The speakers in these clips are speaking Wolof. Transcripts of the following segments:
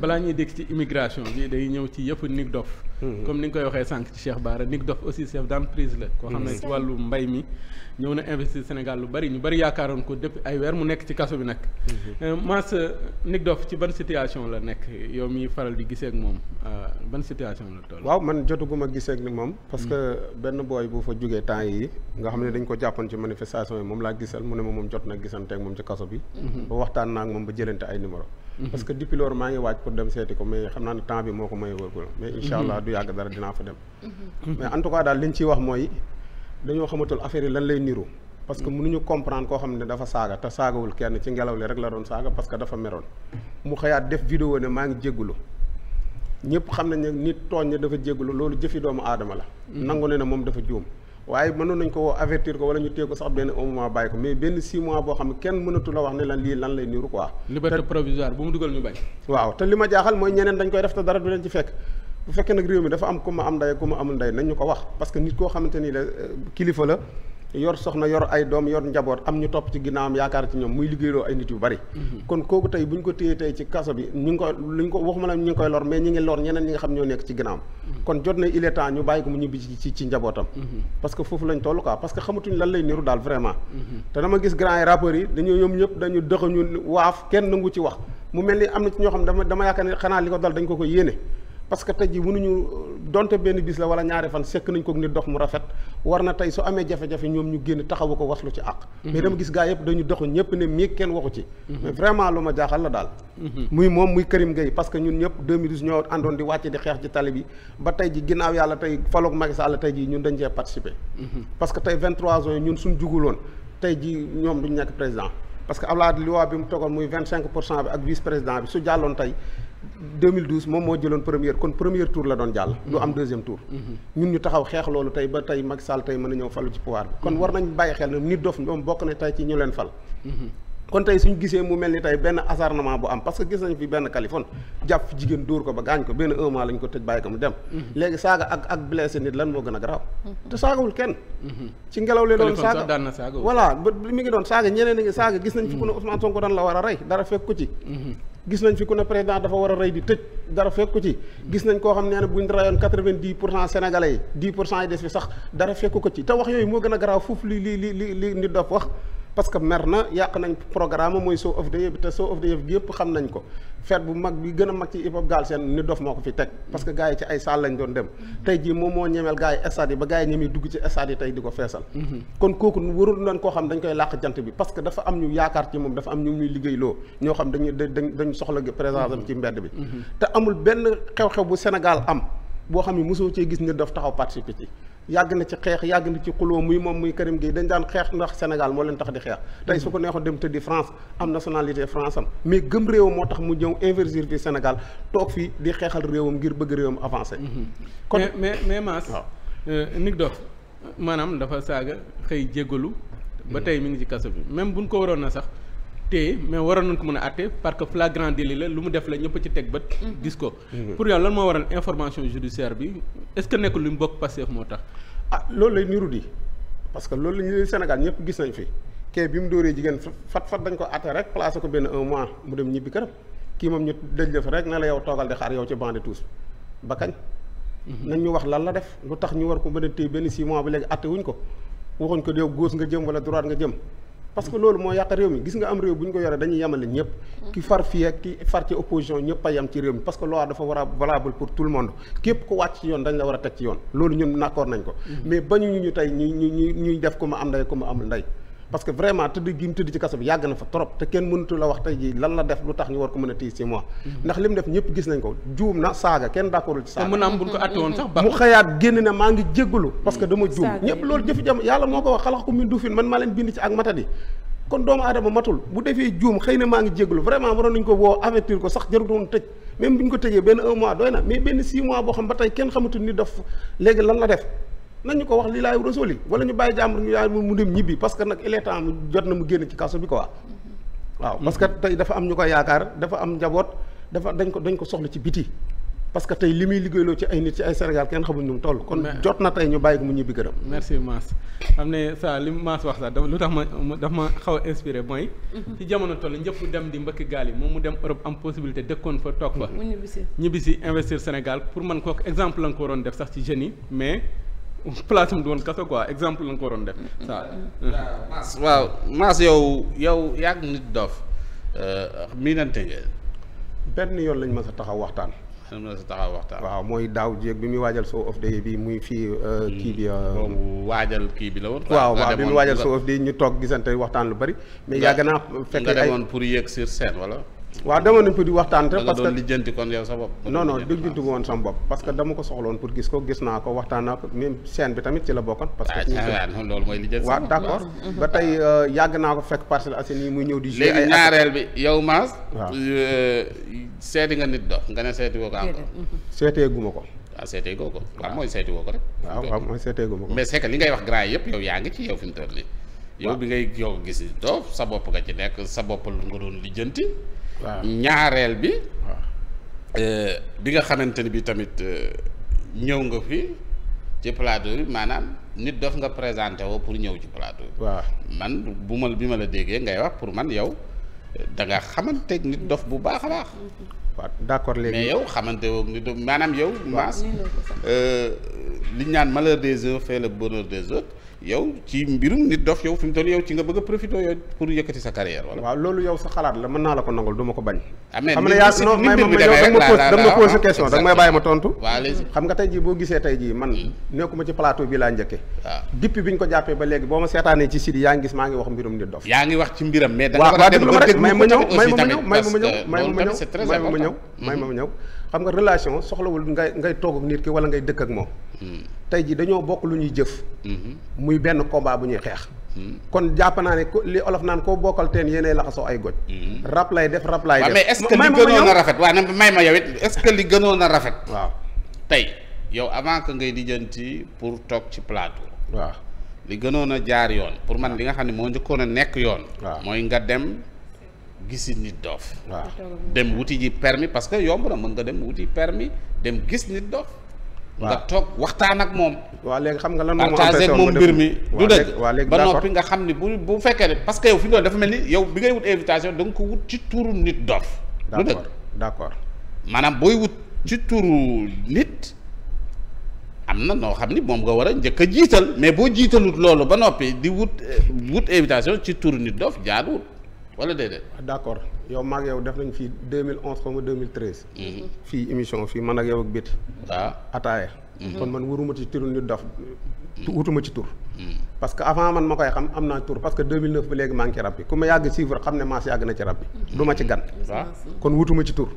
balaa ñuy dégg ci immigration bi day ñëw ci yëpp Nick Doff mm-hmm. comme ni nga koy waxee sànq ci Cheikh Bara Nick Doff aussi chef d'entreprise la ko xam ne ci mm-hmm. wàllu mbay mi ñëw na investir Sénégal lu bari ñu bari yaakaaroon ko depuis ay weer mu nekk ci kaso bi nag mm-hmm. euh, Mass euh, Nick Doff ci ban situation la nekk yow mi faral di gisee ak moom euh, ban situation la toll waaw man jotuguma gise ak moom parce que benn booy bu fa jógee temps yi nga xam ne dañ ko jàppoon ci manifestation yi moom laa gisal mu ne ma moom jot na gisanteeg moom ci kaso bi ba ba jëlante ay numéro parce que depuis loolu maa ngi waaj pour dem seeti ko mais xam naa ne temps bi moo ko may wërgul mais incha allah du yàgg dara dinaa fa dem mais en tout cas daal li ñu ciy wax mooy dañoo xamatul affaire yi lan lay niru parce que mënuñu comprendre koo xam ne dafa saaga te saagawul kenn ci ngelaw li rek la doon saaga parce que dafa meroon mu xëyaat def vidéo ne maa ngi jéggulu ñëpp xam nañ ne nit tooñ ne dafa jéggulu loolu jëfi doomu aadama la mm-hmm. nangu ne na moom dafa juum waaye mënoon nañ ko avertir ko wala ñu téye ko sax benn un mois bàyyi ko mais benn six mois boo xam ne kenn mënatu la wax ne lan lii lan lay niru quoi. liberté provisoire bu mu dugal ñu bañ. waaw te li ma jaaxal mooy ñeneen dañ koy def te dara du leen ci fekk. bu fekkee nag réew mi dafa am ku ma am ndey ku ma amul ndey nañ ñu ko wax parce que nit koo xamante ni la euh, kilifa la yor soxna yor ay doom yor njaboot am ñu topp ci ginnaawam yaakaar ci ñoom muy liggéeyloo ay nit yu bari. Mhm. kon kooku tey bu ñu ko téyee tey ci kaso bi ñu ngi koy lu ñu ko waxuma la ñu ngi koy lor mais ñu ngi lor ñeneen ñi nga xam ñoo nekk ci ginnaawam. Mhm. kon jot na il est temps ñu bàyyi ko mu ñibbi ci ci njabootam. Mhm. parce que foofu lañ toll quoi parce que xamatuñ lan lay niru daal vraiment. te dama gis grand yi rappeurs yi dañoo ñoom ñëpp dañu dëxañu waaf kenn nangu mu mel ni am na ñoo xam dama dama xanaa li ko ko ko yéene parce que tey ji mënuñu donte benn bis la wala ñaari fan sekk nañ ko nit dox mu rafet war na tey su amee jafe-jafe ñoom ñu génn taxawu ko waslu ci àq mhm. mais dama gis gaa yëpp dañu doxu ñëpp ne mii kenn waxu ci mhm. mais vraiment lu ma jaaxal la daal mhm. muy moom muy Karim Gueye parce que ñun ñëpp 2012 ñoo àndoon di wàcce di xeex ci tali bi ba tey ji ginnaaw yàlla tey faloog Macky Sall tey ji ñun dañ cee participer parce que tey 23 ans ñun suñ juguloon tey ji ñoom duñ nekk que Abdoulaye Wade mu togoon muy 25 pour cent bi ak vice président bi tey 2012 moom moo jëloon première kon premier tour la doon jàll. du am deuxième tour. ñun ñu taxaw xeex loolu tey ba tey Macky Sall tey mën a ñëw falu ci pouvoir bi. kon war nañ bàyyi xel nit dof moom bokk na tey ci ñu leen fal. kon tey suñu gisee mu mel ni tey benn acharnement bu am parce que gis nañ fi benn Kaliphone jàpp jigéen dóor ko ba gaañ ko benn un mois ko tëj bàyyi ko mu dem. léegi saaga ak ak blessé nit lan moo gën a garaaw. te saagawul gis nañ fi ku ne président dafa war a rey di tëj dara fekku ci gis nañ koo xam ne ne buñ rayoon quatre-vingt-dix pour cent sénégalais yi dix pour cent yi fi sax dara fekku ko ci te wax yooyu moo gën a garaaw foofu lii li li li li nit dof wax parce que mer na yàq nañ programme mooy show of the year bi te show of the year yëpp xam nañ ko fête bu mag bi gën a mag ci hip hop Galsen ni dof moo ko fi teg parce que gars yi ci ay salle lañ doon dem tey jii moom moo ñemeel dugg ci stade yi tey di ko feesal mhm. kon kooku warul nañ koo xam dañ koy làq jant bi parce que dafa am ñu yaakaar ci moom dafa am ñu ñuy liggéey loo ñoo xam dañu dañu soxla présence am ci mbedd bi mhm. te amul benn xew-xew bu Sénégal am boo xam ne mosoo cee gis nit daf taxaw participer ci yàgg na ci xeex yàgg na ci xuloo muy moom muy Karim Gueye dañ daan xeex ndax Sénégal moo leen tax di xeex tey su ko neexoon dem tëddi France am nationalité France am mais gëm réewam moo tax mu ñëw investir fi Sénégal toog fii di xeexal réewam ngir bëgg réewam avancé mhm. kon mais mais Mass waaw euh, Nick Doff maanaam dafa saaga xëy jégalu ba mm. tey mi ngi ci kaso bi même buñ ko waroon na sax te mais waroon nañ ko mën a àtte parce que flagrant délit la lu mu def la ñëpp ci teg bët. Mhm. gis ko mhm. pour yow lan moo waral information judiciaire bi est-ce que nekkul lu mu bokk Pastef moo tax. ah loolu lay niru di parce que loolu la ñu Sénégal ñëpp gis nañ fi kii bi mu dóoree jigéen fat fat dañ ko àtte rek placé ko benn un mois mu dem ñibbi këram kii moom ñu dëj la fa rek na la yow toogal di xaar yow ci bande tous ba kañ. Mhm. nañ ñu wax lan la def lu tax ñu war ko mën a téye benn six ba léegi àtte wuñ ko waxuñ ko yow nga jëm wala droit nga jëm. parce que loolu moo yàq réew mi gis nga am réew bu ñu ko yoree dañuy yemale ñëpp. Mm-hmm. ki far fii ak ki far ci opposition ñëpp a yem ci réew mi parce que loi dafa war a valable pour tout le monde képp ko wàcc ci yoon dañ la war a teg ci yoon loolu ñun d'accord nañ ko. Mm-hmm. mais bañu ñu ñu tey ñu ñu ñuy def ko ma ànd ndey ko ma amul ndey. parce que vraiment tëdd gi mu tëdd ci kaso bi yàgg na fa trop te kenn mënatu la wax tey jii lan la def lu tax ñu war ko mën a téye six mois mhm. ndax li mu def ñëpp gis nañ ko juum na saaga kenn d'accordul ci saaga a am buñ ko àtte mu xëyaat génn na maa ngi jéggalu parce que dama juum ñëpp loolu jëfi jam yàlla moo ko wax xalax ko min duufin man maa leen bind ci ak matadi kon doomu aadama matul bu defee juum xëy na maa ngi jéggalu vraiment waroon nañu ko woo avertir ko sax jarutoon tëj même bu ñu ko tëjee benn un mois doy na mais benn ba tey kenn xamatul ni daf léegi lan la def nañu ko wax li laay rasoli wala ñu bàyyi jàmbur ñu yaay mu dem ñibbi parce que nag il temps mu jot na mu génn ci kaso bi waaw parce que tey dafa am ñu ko yaakaar dafa am njaboot dafa dañ ko dañ ko soxla ci biti parce que tey li muy liggéeyloo ci ay nit ci ay Sénégal kenn xamuñ mu toll kon jot na tey ñu bàyyi ko mu ñibbi gërëm merci Mass xam ne ça li Mass wax lu tax ma daf ma xaw a mooy mhm. ci jamono toll ñëpp dem di mbëkk gaal yi moom mu dem Europe am possibilité dëkkoon fa toog fa ñibbisi investir Sénégal pour man kooku exemple la nga ko waroon def sax ci jeunes yi mais place am doon woon kaso quoi exemple la ko waroon def. Mm-hmm. waaw waaw mas yow yow yàgg nit dof euh, miinante ngeen. benn yoon lañ mës a taxaw waxtaan. lañ mës a taxaw waaw mooy daaw jéeg bi muy waajal soo of de bi muy fii euh, mm-hmm. kii bi. Euh, boobu waajal kii bi la woon. waaw waaw bi muy waajal soo of day ñu toog gisante waxtaan lu bari. mais yàgg naa fekk ay pour yéeg sur scène wala. waaw dama nañ ko di waxtaan te parce que doon lijjanti kon yow sa bopp non non lijjanti woon sama bopp parce dama ko soxloon pour gis ko gis naa ko waxtaan naa ko même scène bi tamit ci la bokkoon parce que ah, loolu mooy lijjanti waaw d' accord ba euh, yàgg naa ko fekk Parcelles Assainies yi muy ñëw di léegi ñaareel bi yow Mass waaw euh, nga nit dox nga ne seeti woo ko encore mhm. ah, seetee ko waaw seetee ko waaw mooy seeti woo ko rek ko mais c'est que li ngay wax grand yëpp yow yaa ngi ci yow fi mu toll nii bi ngay yow gis doo sa bopp nga ci nekk sa bopp nga doon lijjanti ñaareel bi euh, bi nga xamante ni bi tamit euh, ñëw nga fi ci plateau bi maanaam nit dof nga présenté woo pour ñëw ci plateau bi waaw man bu ma bi ma la déggee ngay wax pour man yow da nga xamanteeg nit dof bu baax a baax waaw d'accord léegi yow xamante woog nit dof maanaam yow maas euh, li ñu naan malheur des uns fait le bonheur des autres yow ci mbirum nit dof yow fi mu toll yow ci nga bëgg a profité yow pour yëkkati sa carrière wala. waaw loolu yow sa xalaat la mën naa la ko nangul du ma ko bañ. amee ah, xam nga yaa non mais nga ma da nga ma posé question da nga may ma tontu. Hmm. bi laa njëkke waaw ah. depuis bi ñu ko jàppee ba boo ma seetaanee ci sidi yaa ngi gis maa ngi wax mbirum nit dof. yaa ngi wax ci a dem ba ñëw may ma ma ñëw may ma ma ñëw hmm. xam nga relation soxlawul ngay ngay toog ak nit ki wala ngay dëkk ak moom. Hmm. tey jii dañoo bokk lu ñuy jëf. Hmm. muy benn combat bu ñuy xeex. Hmm. kon jàpp naa ne ko li olof naan koo bokkal teen yéenay laxasoo ay goj. rap lay def rap lay def. mais est-ce que li gënoon a rafet waaw may ma yow it ce que li gënoon a rafet. waaw tey yow avant que ngay lijjanti pour toog ci plateau. waaw li gënoon a jaar yoon pour man li nga xam ne moo njëkkoon a nekk yoon. mooy nga dem. gisi nit doof waaw dem wuti ji permis parce que yomb na mën nga dem wuti permis dem gis nit doof nga toog waxtaan ak moom waaw xam nga lan moo partagé ak moom mbir mi du dëgg ba noppi nga xam ni bu bu fekkee ne parce que yow fi nga dafa mel ni yow bi ngay wut invitation da nga ko wut ci turu nit doof du dëgg d'accord maanaam booy wut ci turu nit am na noo xam ni moom nga war a njëkk a jiital mais boo jiitalut loolu ba noppi di wut eh, wut invitation ci turu nit doof jaaduwut wala déedéet. Ah, d' accord yow maag yow def nañ fii 2011 xaw ma 2013. fii émission fii man ak yow ak Béti. waaw ataaya. Mhm. kon man waruma ci turu nit dof mhm. wutuma ci tur. Mhm. parce que avant man ma koy xam am naa tur parce que 2009 ba léegi maa ci rab bi ku ma yàgg suivre xam ne maas yàgg na ci rab bi. du ma ci gan. kon wutuma ci tur.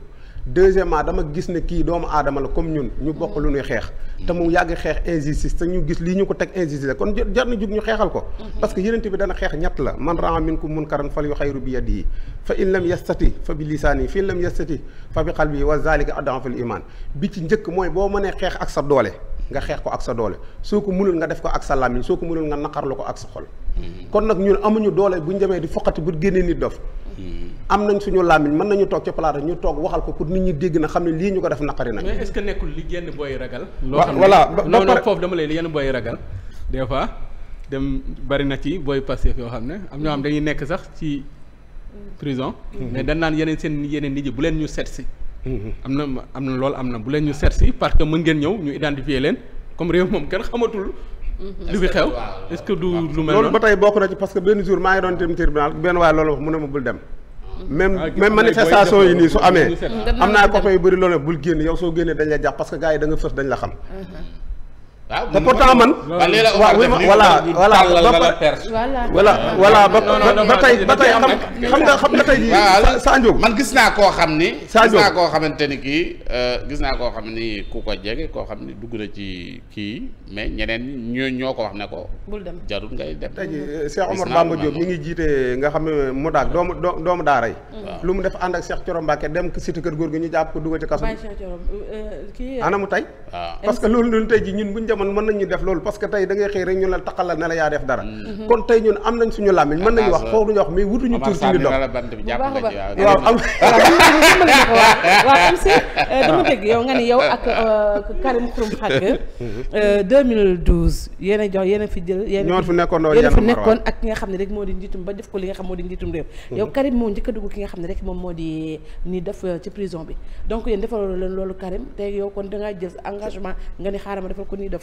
deuxièmement dama gis ne kii doomu aadama la comme ñun ñu bokk lu ñuy xeex te mu yàgg xeex injustice te ñu gis lii ñu ko teg injustice la kon jar na jug ñu xeexal ko mhm. parce que yenente bi dana xeex ñett la man raa minkum munkaran fal yu xayru bi yadihi fa in lam yastati fa bi lisaani fa in lam yastati fa bi qalbi wa zalika ad'aful iman bi ci njëkk mooy boo mënee xeex ak sa doole nga xeex ko ak sa doole soo ko mënul nga def ko ak sa làmmiñ soo ko mënul nga naqarlu ko ak sa xol mhm. kon nag ñun amuñu doole bu ñu demee di foqati bu génnee nit dof am nañ suñu làmmiñ mën nañu toog ci palaata ñu toog waxal ko pour nit ñi dégg na xam ne lii ñu ko def naqari nañ mais est-ce que nekkul li genn booy ragal loo xam ne voilà non foofu dama lay li booy ragal des fois dem bari na ci booy Pastef yoo xam ne am ñoo xam dañuy nekk sax ci prison mhm. mais dañ naan yeneen seen yeneen nit bu leen ñu seet si mhm. am na am na loolu am na bu leen ñu set si parce que mën ngeen ñëw ñu identifier leen comme réew moom kenn xamatul Mm-hmm. li fi xew est-ce loolu ba tey bokk na ci parce benn jour maa ngi doon dem tribunal benn waaye loolu wax mu ne ma bul dem ah. même ah, même manifestation yi nii su amee am naa ko yu bëri loolu bul génn yow soo génnee dañ la jàpp parce que gars yi da nga fës dañ la xam mm-hmm. waaw ah, te pourtant man. voilà voilà voilà voilà ba tey ba tey xam nga xam nga tey jii. Sadio man gis naa koo xam ni. Sadio gis xamante ni kii euh, gis naa koo xam ni ku ko jege koo xam ni dugg na ci kii mais ñeneen ñoo ñoo ko wax ne ko. bul dem jarul ngay dem. tey jii euh, Cheikh Omar Bamba Diop mi ngi jiite nga xam ne mu daag doomu doomu daara yi. lu mu def ànd ak Cheikh Thioro Mbacké dem cité kër góor gi ñu jàpp ko dugal ci kaso. Euh, anamu tey. parce que loolu loolu tey jii ñun buñ jamono mën nañu def loolu parce que tey da ngay xëy rek ñu la taqal la ne la yaa def dara mm-hmm. kon tey ñun am nañ suñu làmmiñ mën nañu wax foofu a jox yéen a fi jël yéen ñoo fi nekkoon a fi nekkoon ak moo di njiitum ba def ko li nga xam moo di njiitum mm-hmm. ki nga xam moo di ni def euh, ci prison bi donc yéen defaloo leen loolu Karim te yow kon da jël engagement nga ni xaaral ma defal ko nii def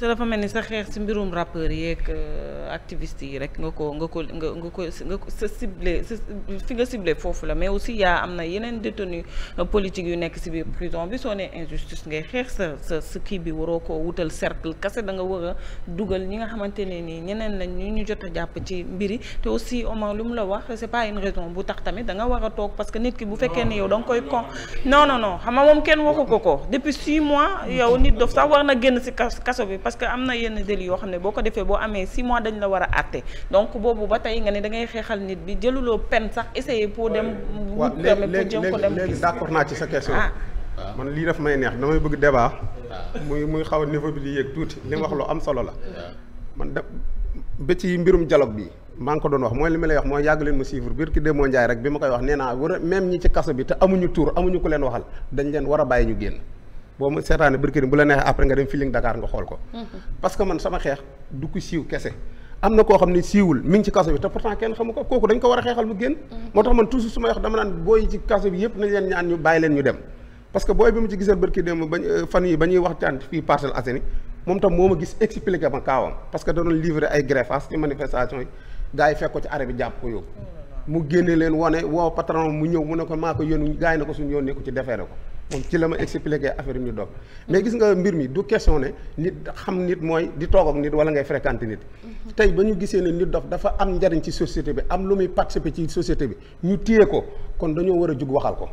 sa dafa mel ni sa xeex ci mbirum rappeurs yeeg euh, activistes yi rek nga ko nga ko nga nga ko nga ko sa ciblé fi nga ciblé foofu la mais aussi yaa am na yeneen détenus euh, politiques yu nekk ci biir prison bi soo nee injustice ngay xeex sa sa kii bi waroo ko wutal cercle kase da nga war a dugal ñi nga xamante ne nii ñeneen lañ ñu ñu jot a jàpp ci mbiri te aussi Omar lu mu la wax c'est pas raison bu tax tamit da nga war a toog parce que nit ki bu fekkee ne yow da nga koy kon non kenn waxu ko ko depuis six mois yow parce que am na yenn délits yoo xam ne boo ko defee boo amee 6 mois dañ la war a àtte donc boobu ba tey nga ne da ngay xeexal nit bi jëluloo peine sax essayer pour dem. waaw léegi léegi léegi d'accord naa ci sa question. Ah. Ah. man lii daf may neex damay bëgg débat. Ah. muy muy xaw a niveau bi di yéeg tuuti li mu wax loo am solo la. man da ba ci mbirum dialogue bi maa ngi ko doon wax mooy li ma wax mooy yàgg leen mu suivre biir ki Demba Ndiaye rek bi ma koy wax nee naa war a même ñi ci bi te amuñu tur amuñu ku leen waxal dañ leen war bàyyi ñu génn. boo mu seetaane barki bu la neexee après nga dem Feeling Dakar nga xool ko. Mm-hmm. parce man sama xeex du ko siiw kese. am na koo xam ne siiwul mi ngi ci kaso bi te pourtant kenn xamu ko kooku dañ ko war a xeexal mu génn. Mm-hmm. moo tax man toujours su ma wax dama naan booy ci kaso bi yëpp nañ leen ñu dem. parce booy bi mu ci gisal barki démb bañ euh, fan yi ba ñuy waxtaan fii Parcelles Assainies moom tam moo ma gis expliqué ma kaawam parce que da ay greffas moom ci la ma expliqué affaire yi ñu doog mais gis nga mbir mi du question ne nit xam nit mooy di toog ak nit wala ngay fréquenté nit tey ba ñu gisee ne nit dof dafa am njariñ ci société bi am lu muy participer ci société bi ñu téye ko kon dañoo war a jug waxal ko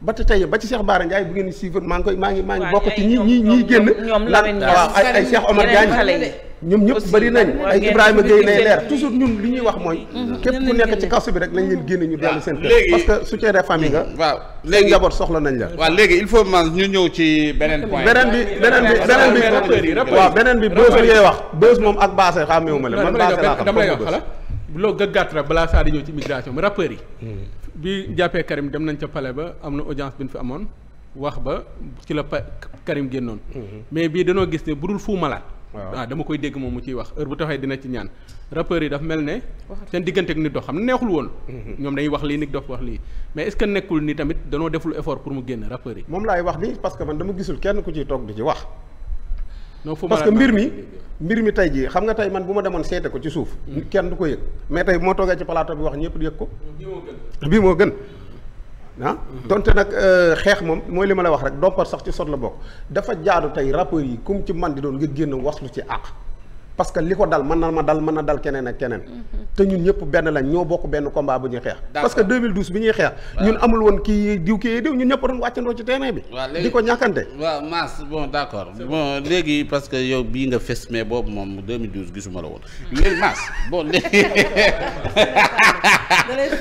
ba te tey ba ci Cheikh Bara Ndiaye bu ngeen suivre maa ngi koy maa ngi maa ngi bokk ci ñi ñi génn la waaw ay Cheikh Omar Diagne ñoom ñëpp bari nañ ay Ibrahima Gueye lay leer toujours ñun li ñuy wax mooy mm-hmm. képp ku nekk ci kaso bi rek lañ mm-hmm. génne ñu dellu seen kër parce que soutien de famille nga mm-hmm. waaw léegi njaboot soxla nañ la waaw léegi il faut man ñu ñëw ci beneen bi beneen bi beneen bi waaw beneen bi bës bu yee wax bës moom ak baase xàmmewuma la man baase laa xam bës loo gàggaat rek balaa saa di ñëw ci immigration bi rappeurs yi bi jàppee Karim dem nañ ca pale ba am na audience bi ñu fi amoon wax ba ci la Karim génnoon mais bii dañoo gis ne budul Fou Malade waaw ah, dama koy dégg moom mu ciy wax heure bu taxee dina ci ñaan rappeurs yi daf mel ne seen diggante ak nit dox xam neexul woon mhm. ñoom dañuy wax lii nit dof wax lii mais est-ce que nekkul ni tamit danoo deful effort pour mu génn rappeurs yi moom laay wax ni parce man dama gisul kenn ku ciy toog di ci wax non mbir mi mbir mi tey jii xam nga tey man bu ma demoon seete ko ci suuf mhm. kenn du ko yëg mais tey moo toogee ci plateau bi wax ñëpp yëg ko bii moo gën ah donte nag euh, xeex moom mooy li ma la wax rek dompar sax ci sot la bokk dafa jaadu tey rappeurs yi comme ci man di doon nga génn waslu ci àq parce que li ko dal mën na ma dal mën na dal keneen ak keneen te ñun ñëpp benn lañ ñoo bokk benn combat bu ñuy xeex parce que 2012 bi ñuy xeex ñun amul woon ki diw kii diw ñun ñëpp doon wàccandoo ci terrain bi di ko ñàkkante waaw Mass bon d' accord bon léegi parce que yow bii nga fes mais boobu moom 2012 gisuma la woon léegi Mass bon léegi